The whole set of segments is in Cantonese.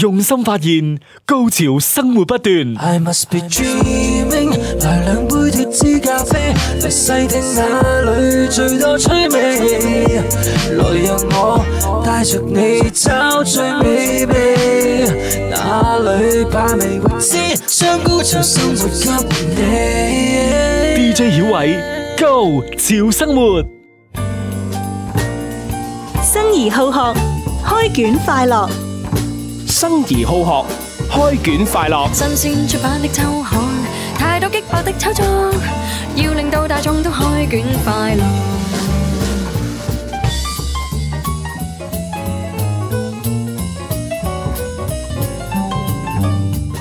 用心發現，高潮生活不斷。I must be dreaming，來兩杯脫脂咖啡，來細聽那裏最多趣味。來讓我帶着你找最美味，哪裏把味先將高潮生活給你。DJ 曉偉，高潮生活，生而好學，開卷快樂。生而好學，開卷快樂。新鮮出版的周刊，太多激烈的炒作，要令到大眾都開卷快樂。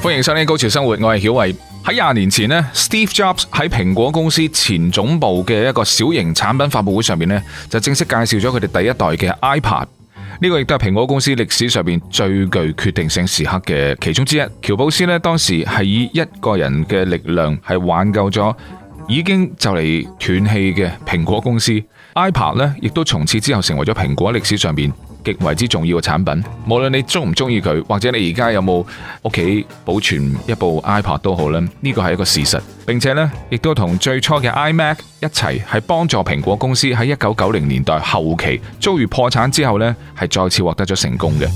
歡迎收聽《高潮生活》，我曉偉，我係曉偉。喺廿年前咧，Steve Jobs 喺蘋果公司前總部嘅一個小型產品發佈會上面咧，就正式介紹咗佢哋第一代嘅 iPad。呢個亦都係蘋果公司歷史上邊最具決定性時刻嘅其中之一。喬布斯咧當時係以一個人嘅力量係挽救咗已經就嚟斷氣嘅蘋果公司。iPad 呢亦都從此之後成為咗蘋果歷史上邊。極為之重要嘅產品，無論你中唔中意佢，或者你而家有冇屋企保存一部 iPad 都好啦，呢個係一個事實，並且呢亦都同最初嘅 iMac 一齊係幫助蘋果公司喺一九九零年代後期遭遇破產之後呢係再次獲得咗成功嘅。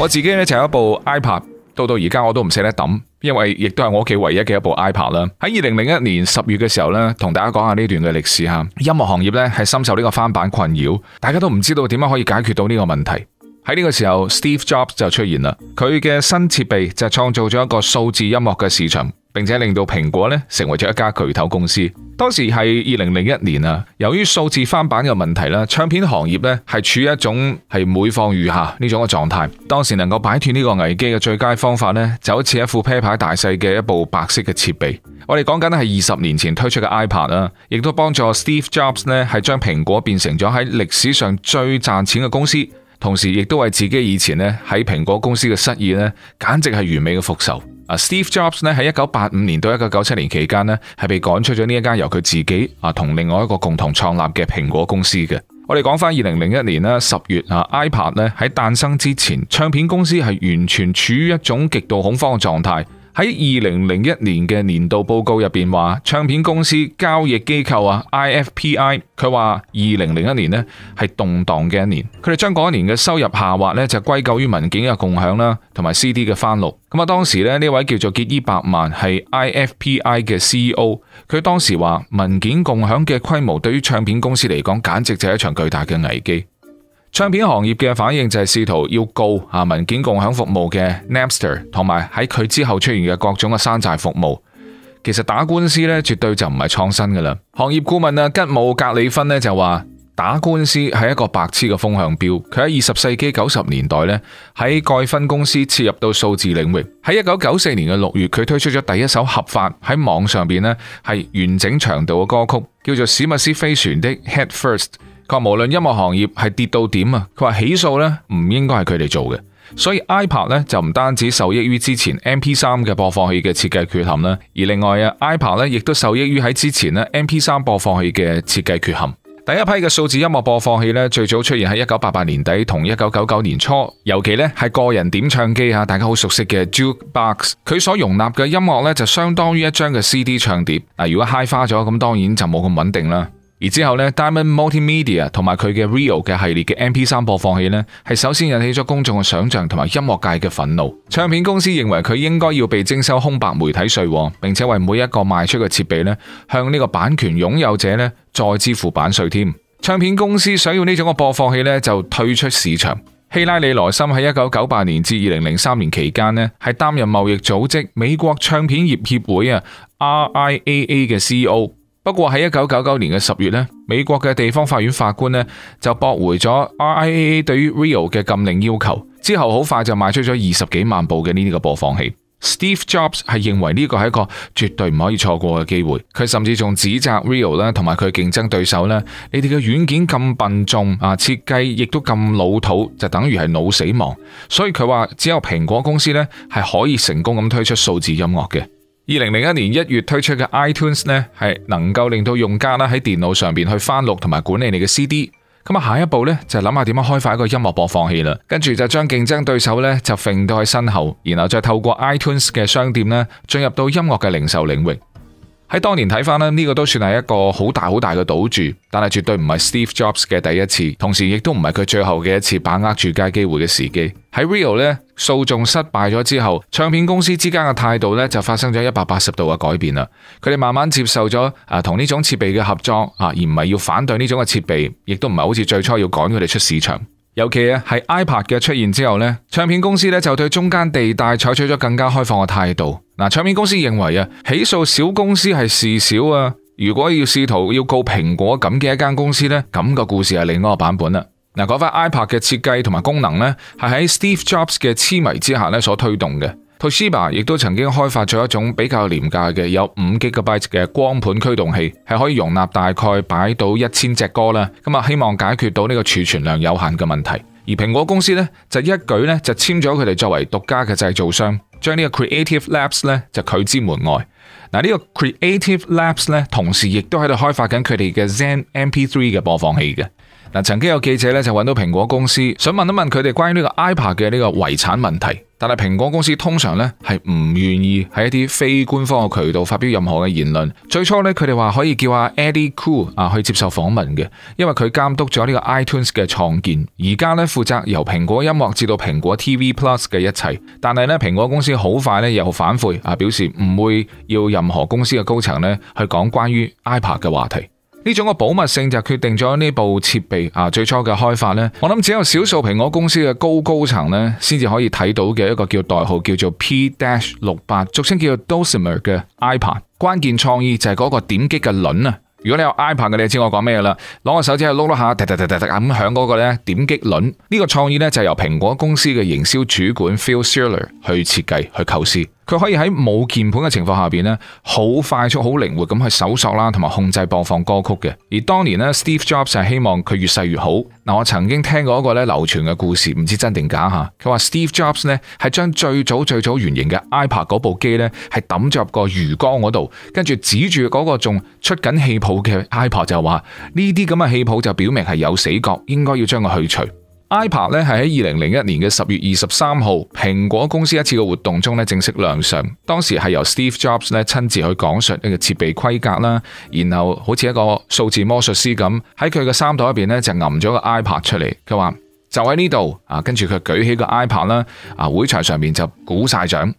我自己呢，就有一部 iPad，到到而家我都唔捨得抌。因為亦都係我屋企唯一嘅一部 iPad 啦。喺二零零一年十月嘅時候呢，同大家講下呢段嘅歷史哈。音樂行業呢係深受呢個翻版困擾，大家都唔知道點樣可以解決到呢個問題。喺呢個時候，Steve Jobs 就出現啦，佢嘅新設備就創造咗一個數字音樂嘅市場。並且令到蘋果咧成為咗一家巨頭公司。當時係二零零一年啦，由於數字翻版嘅問題啦，唱片行業咧係處於一種係每況愈下呢種嘅狀態。當時能夠擺脫呢個危機嘅最佳方法咧，就好似一副啤牌大細嘅一部白色嘅設備。我哋講緊咧係二十年前推出嘅 iPod 啦，亦都幫助 Steve Jobs 咧係將蘋果變成咗喺歷史上最賺錢嘅公司，同時亦都為自己以前咧喺蘋果公司嘅失意咧，簡直係完美嘅復仇。Steve Jobs 喺一九八五年到一九九七年期間咧，係被趕出咗呢一間由佢自己啊同另外一個共同創立嘅蘋果公司嘅。我哋講翻二零零一年啦，十月啊，iPod 咧喺誕生之前，唱片公司係完全處於一種極度恐慌嘅狀態。喺二零零一年嘅年度報告入邊話，唱片公司交易機構啊，IFPI 佢話二零零一年呢係動盪嘅一年。佢哋將嗰一年嘅收入下滑呢，就歸咎於文件嘅共享啦，同埋 CD 嘅翻錄。咁啊，當時呢呢位叫做傑伊伯曼係 IFPI 嘅 CEO，佢當時話文件共享嘅規模對於唱片公司嚟講，簡直就係一場巨大嘅危機。唱片行業嘅反應就係試圖要告啊文件共享服務嘅 Napster 同埋喺佢之後出現嘅各種嘅山寨服務。其實打官司呢，絕對就唔係創新噶啦。行業顧問啊吉姆格里芬呢，就話打官司係一個白痴嘅風向標。佢喺二十世紀九十年代呢，喺蓋芬公司切入到數字領域。喺一九九四年嘅六月，佢推出咗第一首合法喺網上邊呢，係完整長度嘅歌曲，叫做史密斯飛船的 Head First。佢無論音樂行業係跌到點啊，佢話起訴咧唔應該係佢哋做嘅，所以 iPod 呢，就唔單止受益於之前 MP3 嘅播放器嘅設計缺陷啦，而另外啊 iPod 呢，亦都受益於喺之前咧 MP3 播放器嘅設計缺陷。第一批嘅數字音樂播放器呢，最早出現喺一九八八年底同一九九九年初，尤其咧係個人點唱機啊，大家好熟悉嘅 Jukebox，佢所容納嘅音樂呢，就相當於一張嘅 CD 唱碟。嗱，如果揩花咗咁，當然就冇咁穩定啦。而之後呢 Diamond Multimedia 同埋佢嘅 Real 嘅系列嘅 MP 三播放器呢，係首先引起咗公眾嘅想象同埋音樂界嘅憤怒。唱片公司認為佢應該要被徵收空白媒體稅，並且為每一個賣出嘅設備呢，向呢個版權擁有者呢再支付版稅添。唱片公司想要呢種嘅播放器呢，就退出市場。希拉里羅森喺一九九八年至二零零三年期間呢，係擔任貿易組織美國唱片業協會啊 RIAA 嘅 CEO。不過喺一九九九年嘅十月咧，美國嘅地方法院法官咧就駁回咗 RIAA 對於 Rio 嘅禁令要求，之後好快就賣出咗二十幾萬部嘅呢啲個播放器。Steve Jobs 係認為呢個係一個絕對唔可以錯過嘅機會，佢甚至仲指責 Rio 咧，同埋佢競爭對手咧，你哋嘅軟件咁笨重啊，設計亦都咁老土，就等於係腦死亡。所以佢話只有蘋果公司咧係可以成功咁推出數字音樂嘅。二零零一年一月推出嘅 iTunes 呢，係能夠令到用家啦喺電腦上面去翻錄同埋管理你嘅 CD。咁啊，下一步呢，就諗下點樣開發一個音樂播放器啦，跟住就將競爭對手呢，就甩到喺身後，然後再透過 iTunes 嘅商店呢，進入到音樂嘅零售領域。喺當年睇翻咧，呢個都算係一個好大好大嘅賭注，但係絕對唔係 Steve Jobs 嘅第一次，同時亦都唔係佢最後嘅一次把握住佳機會嘅時機。喺 Rio 咧訴訟失敗咗之後，唱片公司之間嘅態度咧就發生咗一百八十度嘅改變啦。佢哋慢慢接受咗啊同呢種設備嘅合作啊，而唔係要反對呢種嘅設備，亦都唔係好似最初要趕佢哋出市場。尤其啊係 iPad 嘅出現之後呢，唱片公司咧就對中間地帶採取咗更加開放嘅態度。嗱，唱片公司認為啊，起訴小公司係事小啊。如果要試圖要告蘋果咁嘅一間公司呢，咁個故事係另一個版本啦。嗱，嗰塊 iPod 嘅設計同埋功能呢，係喺 Steve Jobs 嘅癡迷之下咧所推動嘅。Toshiba 亦都曾經開發咗一種比較廉價嘅有五 gigabyte 嘅光盤驅動器，係可以容納大概擺到一千隻歌啦。咁啊，希望解決到呢個儲存量有限嘅問題。而蘋果公司呢，就一舉呢，就簽咗佢哋作為獨家嘅製造商。將呢個 Creative Labs 呢，就拒之門外。嗱，呢個 Creative Labs 呢，同時亦都喺度開發緊佢哋嘅 Zen MP3 嘅播放器嘅。曾經有記者就揾到蘋果公司，想問一問佢哋關於呢個 iPad 嘅呢個遺產問題，但係蘋果公司通常咧係唔願意喺一啲非官方嘅渠道發表任何嘅言論。最初咧佢哋話可以叫阿 Eddie Cue 去接受訪問嘅，因為佢監督咗呢個 iTunes 嘅創建，而家咧負責由蘋果音樂至到蘋果 TV Plus 嘅一切。但係呢，蘋果公司好快咧又反悔啊，表示唔會要任何公司嘅高層咧去講關於 iPad 嘅話題。呢種嘅保密性就決定咗呢部設備啊最初嘅開發呢我諗只有少數蘋果公司嘅高高層咧，先至可以睇到嘅一個叫代號叫做 P- 六八，俗稱叫做 DOSIMER 嘅 iPad。關鍵創意就係嗰個點擊嘅輪啊！如果你有 iPad 嘅，你知我講咩啦？攞個手指去碌碌下，突突突突咁響嗰個咧點擊輪。呢個創意咧就由蘋果公司嘅營銷主管 Phil Schiller 去設計去構思。佢可以喺冇鍵盤嘅情況下邊呢好快速、好靈活咁去搜索啦，同埋控制播放歌曲嘅。而當年呢，Steve Jobs 係希望佢越細越好。嗱，我曾經聽過一個咧流傳嘅故事，唔知真定假嚇。佢話 Steve Jobs 呢係將最早最早原型嘅 iPod 嗰部機呢係抌咗入個魚缸嗰度，跟住指住嗰個仲出緊氣泡嘅 iPod 就話：呢啲咁嘅氣泡就表明係有死角，應該要將佢去除。iPad 咧係喺二零零一年嘅十月二十三號，蘋果公司一次嘅活動中咧正式亮相。當時係由 Steve Jobs 咧親自去講述呢個設備規格啦，然後好似一個數字魔術師咁喺佢嘅衫袋入邊咧就揞咗個 iPad 出嚟。佢話就喺呢度啊，跟住佢舉起個 iPad 啦，啊會場上面就鼓晒掌。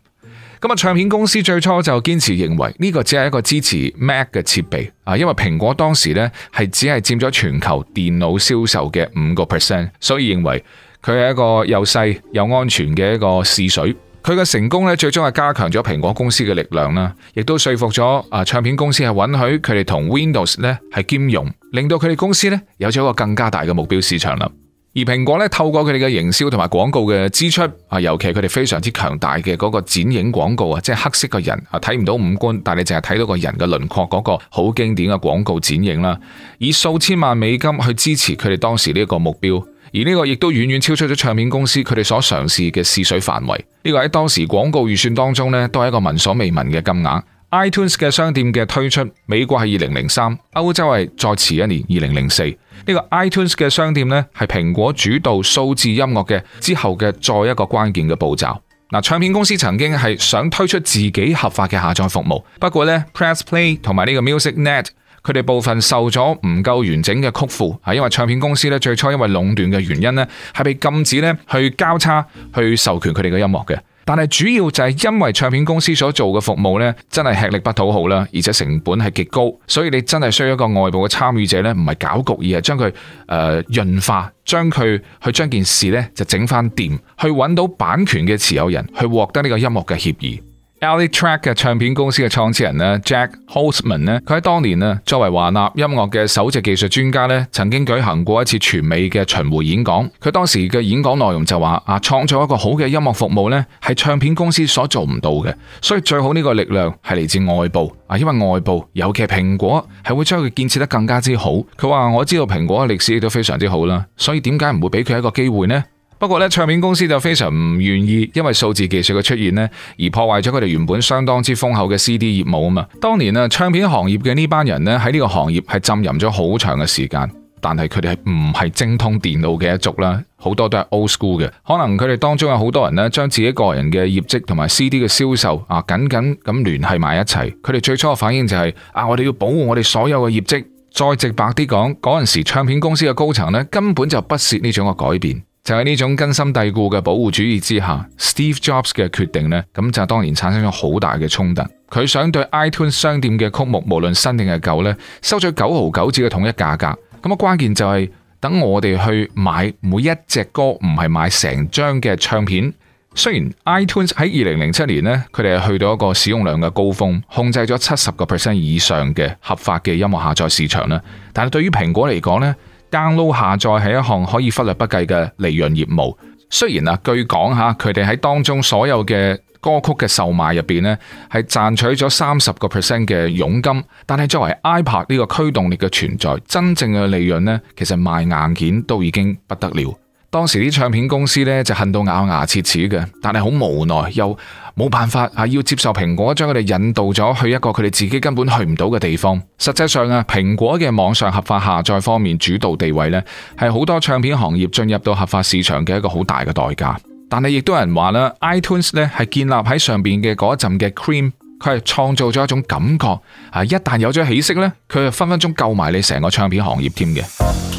咁啊，唱片公司最初就堅持認為呢個只係一個支持 Mac 嘅設備啊，因為蘋果當時咧係只係佔咗全球電腦銷售嘅五個 percent，所以認為佢係一個又細又安全嘅一個試水。佢嘅成功咧，最終係加強咗蘋果公司嘅力量啦，亦都說服咗啊唱片公司係允許佢哋同 Windows 咧係兼容，令到佢哋公司咧有咗一個更加大嘅目標市場啦。而蘋果咧，透過佢哋嘅營銷同埋廣告嘅支出啊，尤其佢哋非常之強大嘅嗰個剪影廣告啊，即係黑色嘅人啊，睇唔到五官，但你淨係睇到個人嘅輪廓嗰個好經典嘅廣告剪影啦，以數千萬美金去支持佢哋當時呢一個目標，而呢個亦都遠遠超出咗唱片公司佢哋所嘗試嘅試水範圍。呢個喺當時廣告預算當中呢都係一個聞所未聞嘅金額。iTunes 嘅商店嘅推出，美國係二零零三，歐洲係再遲一年二零零四。呢個 iTunes 嘅商店呢，係蘋果主導數字音樂嘅之後嘅再一個關鍵嘅步驟。嗱，唱片公司曾經係想推出自己合法嘅下載服務，不過呢，Press Play 同埋呢個 Music Net，佢哋部分受咗唔夠完整嘅曲庫，係因為唱片公司呢，最初因為壟斷嘅原因呢，係被禁止呢去交叉去授權佢哋嘅音樂嘅。但係主要就係因為唱片公司所做嘅服務咧，真係吃力不討好啦，而且成本係極高，所以你真係需要一個外部嘅參與者咧，唔係攪局，而係將佢誒潤滑，將佢去將件事咧就整翻掂，去揾到版權嘅持有人，去獲得呢個音樂嘅協議。Elli Track 嘅唱片公司嘅創始人咧，Jack Holzman 咧，佢喺當年咧作為華納音樂嘅首席技術專家咧，曾經舉行過一次全美嘅巡迴演講。佢當時嘅演講內容就話：啊，創造一個好嘅音樂服務咧，係唱片公司所做唔到嘅，所以最好呢個力量係嚟自外部。啊，因為外部尤其係蘋果係會將佢建設得更加之好。佢話我知道蘋果嘅歷史亦都非常之好啦，所以點解唔會俾佢一個機會呢？不過咧，唱片公司就非常唔願意，因為數字技術嘅出現咧而破壞咗佢哋原本相當之豐厚嘅 CD 業務啊嘛。當年啊，唱片行業嘅呢班人咧喺呢個行業係浸淫咗好長嘅時間，但係佢哋係唔係精通電腦嘅一族啦，好多都係 old school 嘅。可能佢哋當中有好多人咧，將自己個人嘅業績同埋 CD 嘅銷售啊緊緊咁聯繫埋一齊。佢哋最初嘅反應就係、是、啊，我哋要保護我哋所有嘅業績。再直白啲講，嗰陣時唱片公司嘅高層咧根本就不屑呢種嘅改變。就喺呢種根深蒂固嘅保護主義之下，Steve Jobs 嘅決定呢，咁就當然產生咗好大嘅衝突。佢想對 iTunes 商店嘅曲目，無論新定係舊呢，收取九毫九子嘅統一價格。咁啊，關鍵就係等我哋去買每一隻歌，唔係買成張嘅唱片。雖然 iTunes 喺二零零七年呢，佢哋係去到一個使用量嘅高峰，控制咗七十個 percent 以上嘅合法嘅音樂下載市場啦。但係對於蘋果嚟講呢，download 下載係一項可以忽略不計嘅利潤業務。雖然啊，據講吓佢哋喺當中所有嘅歌曲嘅售賣入邊呢，係賺取咗三十個 percent 嘅佣金，但係作為 iPad 呢個驅動力嘅存在，真正嘅利潤呢，其實賣硬件都已經不得了。當時啲唱片公司咧就恨到咬牙切齒嘅，但係好無奈又冇辦法，係要接受蘋果將佢哋引導咗去一個佢哋自己根本去唔到嘅地方。實際上啊，蘋果嘅網上合法下載方面主導地位呢，係好多唱片行業進入到合法市場嘅一個好大嘅代價。但係亦都有人話啦 ，iTunes 呢係建立喺上邊嘅嗰一陣嘅 cream，佢係創造咗一種感覺，啊，一旦有咗起色呢，佢又分分鐘救埋你成個唱片行業添嘅。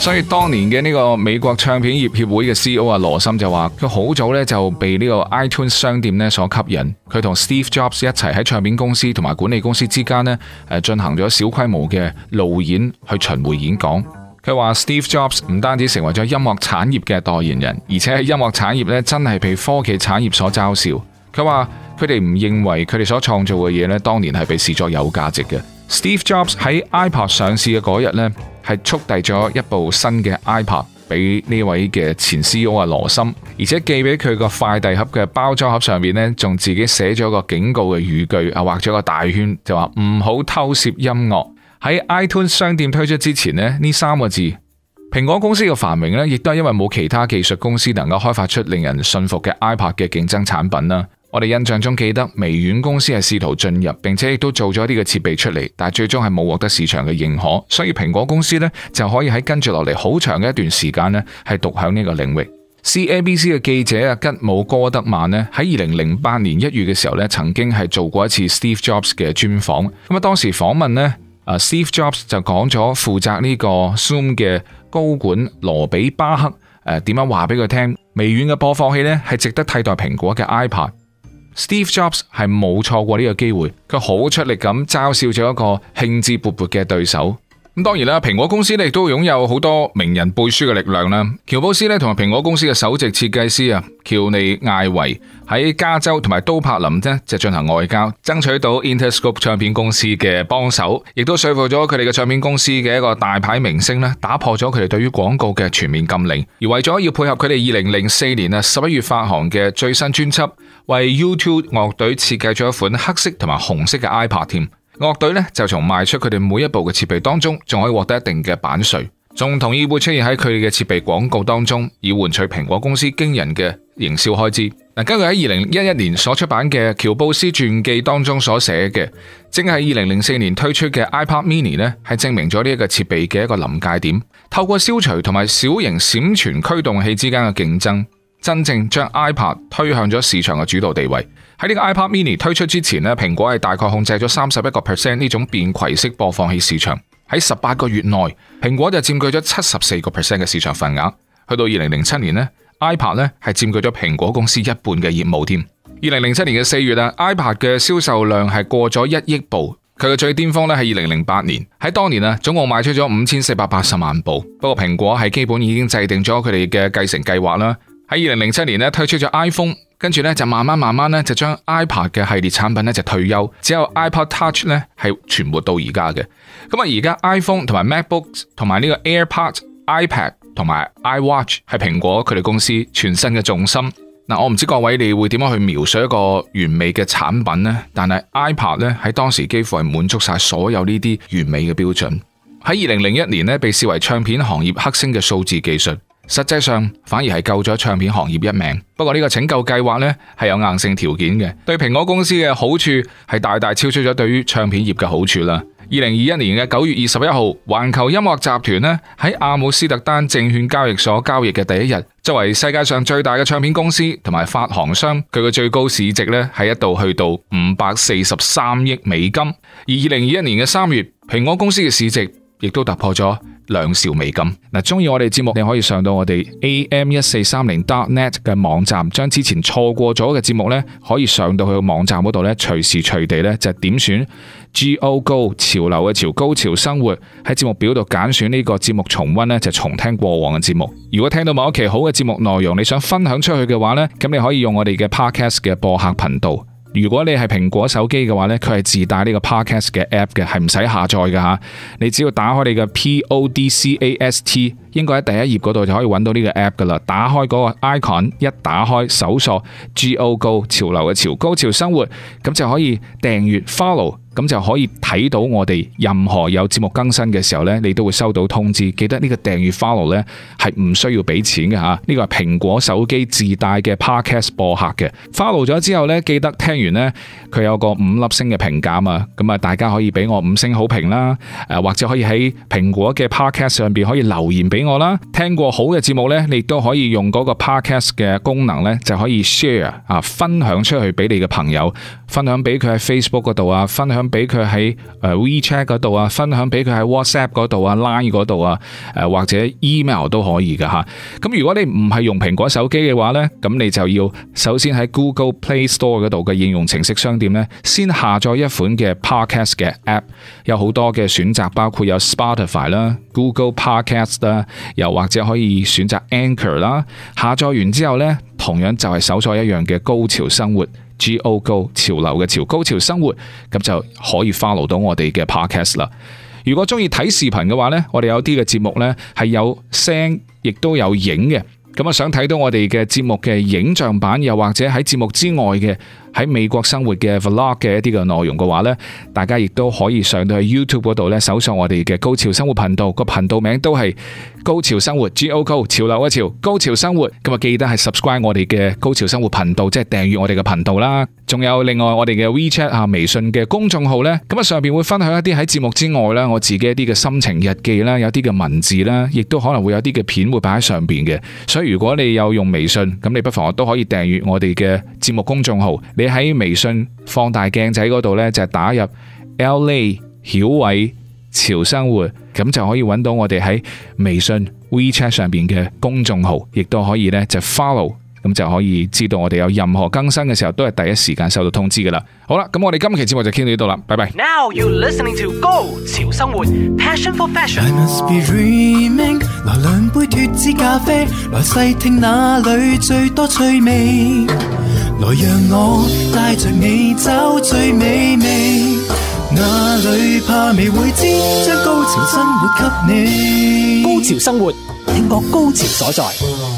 所以當年嘅呢個美國唱片業協會嘅 CEO 啊羅森就話佢好早呢就被呢個 iTunes 商店呢所吸引，佢同 Steve Jobs 一齊喺唱片公司同埋管理公司之間呢誒進行咗小規模嘅路演去巡回演講。佢話 Steve Jobs 唔單止成為咗音樂產業嘅代言人，而且喺音樂產業呢真係被科技產業所嘲笑。佢話佢哋唔認為佢哋所創造嘅嘢呢當年係被視作有價值嘅。Steve Jobs 喺 iPod 上市嘅嗰日呢係速遞咗一部新嘅 iPod 俾呢位嘅前 CEO 啊羅森，而且寄俾佢個快遞盒嘅包裝盒上面，呢仲自己寫咗個警告嘅語句啊，畫咗個大圈，就話唔好偷攝音樂。喺 iTunes 商店推出之前呢呢三個字，蘋果公司嘅繁榮呢，亦都係因為冇其他技術公司能夠開發出令人信服嘅 iPod 嘅競爭產品啦。我哋印象中記得微軟公司係試圖進入，並且亦都做咗一啲嘅設備出嚟，但係最終係冇獲得市場嘅認可。所以蘋果公司呢，就可以喺跟住落嚟好長嘅一段時間呢，係獨享呢個領域。CNBC 嘅記者吉姆哥德曼呢，喺二零零八年一月嘅時候呢，曾經係做過一次 Steve Jobs 嘅專訪。咁啊當時訪問呢啊 Steve Jobs 就講咗負責呢個 Zoom 嘅高管羅比巴克誒，點樣話俾佢聽，微軟嘅播放器呢，係值得替代蘋果嘅 iPad。Steve Jobs 係冇錯過呢個機會，佢好出力咁嘲笑咗一個興致勃勃嘅對手。咁當然啦，蘋果公司咧亦都擁有好多名人背書嘅力量啦。喬布斯咧同埋蘋果公司嘅首席設計師啊喬尼艾維喺加州同埋都柏林呢，就進行外交，爭取到 Interscope 唱片公司嘅幫手，亦都說服咗佢哋嘅唱片公司嘅一個大牌明星咧打破咗佢哋對於廣告嘅全面禁令，而為咗要配合佢哋二零零四年啊十一月發行嘅最新專輯，為 U2 樂隊設計咗一款黑色同埋紅色嘅 iPod 添。樂隊咧就從賣出佢哋每一部嘅設備當中，仲可以獲得一定嘅版稅，仲同意會出現喺佢哋嘅設備廣告當中，以換取蘋果公司驚人嘅營銷開支。嗱，根據喺二零一一年所出版嘅喬布斯傳記當中所寫嘅，正係二零零四年推出嘅 iPad Mini 咧，係證明咗呢一個設備嘅一個臨界點。透過消除同埋小型閃存驅動器之間嘅競爭，真正將 iPad 推向咗市場嘅主導地位。喺呢個 iPad Mini 推出之前呢，蘋果係大概控制咗三十一個 percent 呢種便携式播放器市場。喺十八個月內，蘋果就佔據咗七十四個 percent 嘅市場份額。去到二零零七年呢，iPad 咧係佔據咗蘋果公司一半嘅業務添。二零零七年嘅四月啊，iPad 嘅銷售量係過咗一億部。佢嘅最巔峰咧係二零零八年，喺當年啊，總共賣出咗五千四百八十萬部。不過蘋果係基本已經制定咗佢哋嘅繼承計劃啦。喺二零零七年咧推出咗 iPhone，跟住咧就慢慢慢慢咧就將 iPad 嘅系列產品咧就退休，只有 iPod Touch 咧係存活到而家嘅。咁啊，而家 iPhone 同埋 MacBook 同埋呢個 AirPods、iPad 同埋 iWatch 係蘋果佢哋公司全新嘅重心。嗱，我唔知各位你會點樣去描述一個完美嘅產品呢？但係 iPad 咧喺當時幾乎係滿足晒所有呢啲完美嘅標準。喺二零零一年咧被視為唱片行業黑星嘅數字技術，實際上反而係救咗唱片行業一命。不過呢個拯救計劃呢係有硬性條件嘅，對蘋果公司嘅好處係大大超出咗對於唱片業嘅好處啦。二零二一年嘅九月二十一號，環球音樂集團呢喺阿姆斯特丹證券交易所交易嘅第一日，作為世界上最大嘅唱片公司同埋發行商，佢嘅最高市值呢係一度去到五百四十三億美金。而二零二一年嘅三月，蘋果公司嘅市值亦都突破咗兩兆美咁嗱，中意我哋節目，你可以上到我哋 a m 一四三零 dot net 嘅網站，將之前錯過咗嘅節目呢，可以上到去個網站嗰度呢，隨時隨地呢，就點選 Go g 潮流嘅潮高潮生活喺節目表度揀選呢個節目重温呢，就重聽過往嘅節目。如果聽到某一期好嘅節目內容，你想分享出去嘅話呢，咁你可以用我哋嘅 Podcast 嘅播客頻道。如果你係蘋果手機嘅話呢，佢係自帶呢個 Podcast 嘅 app 嘅，係唔使下載㗎吓。你只要打開你嘅 Podcast，應該喺第一頁嗰度就可以揾到呢個 app 噶啦。打開嗰個 icon，一打開，搜索 Go Go 潮流嘅潮高潮生活，咁就可以訂閱 follow。咁就可以睇到我哋任何有節目更新嘅時候呢，你都會收到通知。記得呢個訂閱 follow 呢係唔需要俾錢嘅吓，呢、這個係蘋果手機自帶嘅 Podcast 播客嘅。follow 咗之後呢，記得聽完呢。佢有個五粒星嘅評價嘛，咁啊大家可以俾我五星好評啦，誒或者可以喺蘋果嘅 podcast 上邊可以留言俾我啦。聽過好嘅節目呢，你都可以用嗰個 podcast 嘅功能呢，就可以 share 啊，分享出去俾你嘅朋友，分享俾佢喺 Facebook 度啊，分享俾佢喺 WeChat 度啊，分享俾佢喺 WhatsApp 度啊，Line 度啊，誒或者 email 都可以㗎吓。咁如果你唔係用蘋果手機嘅話呢，咁你就要首先喺 Google Play Store 度嘅應用程式商。點咧？先下載一款嘅 Podcast 嘅 App，有好多嘅選擇，包括有 Spotify 啦、Google Podcast 啦，又或者可以選擇 Anchor 啦。下載完之後呢，同樣就係搜索一樣嘅高潮生活，Go Go 潮流嘅潮高潮生活，咁就可以 follow 到我哋嘅 Podcast 啦。如果中意睇視頻嘅話呢，我哋有啲嘅節目呢係有聲，亦都有影嘅。咁啊，想睇到我哋嘅節目嘅影像版，又或者喺節目之外嘅。喺美國生活嘅 Vlog 嘅一啲嘅內容嘅話呢，大家亦都可以上到去 YouTube 嗰度咧，搜索我哋嘅高潮生活頻道，個頻道名都係高潮生活 G O G 潮流一潮高潮生活。咁啊、OK，記得係 subscribe 我哋嘅高潮生活頻道，即係訂閲我哋嘅頻道啦。仲有另外我哋嘅 WeChat 啊，微信嘅公眾號呢。咁啊，上邊會分享一啲喺節目之外呢，我自己一啲嘅心情日記啦，有啲嘅文字啦，亦都可能會有啲嘅片會擺喺上邊嘅。所以如果你有用微信，咁你不妨都可以訂閲我哋嘅節目公眾號。你喺微信放大鏡仔嗰度呢，就打入 L A 曉偉潮生活，咁就可以搵到我哋喺微信 WeChat 上面嘅公眾號，亦都可以呢，就 follow。咁就可以知道我哋有任何更新嘅時候，都係第一時間收到通知噶啦。好啦，咁我哋今期節目就傾到呢度啦，拜拜。Now you listening to 高潮生活，Passion for Fashion，I must be dreaming，拿兩杯脫脂咖啡來細聽，那裏最多趣味，來讓我帶著你走最美味。那裏怕未會知。將高潮生活給你。高潮生活，聽過高潮所在。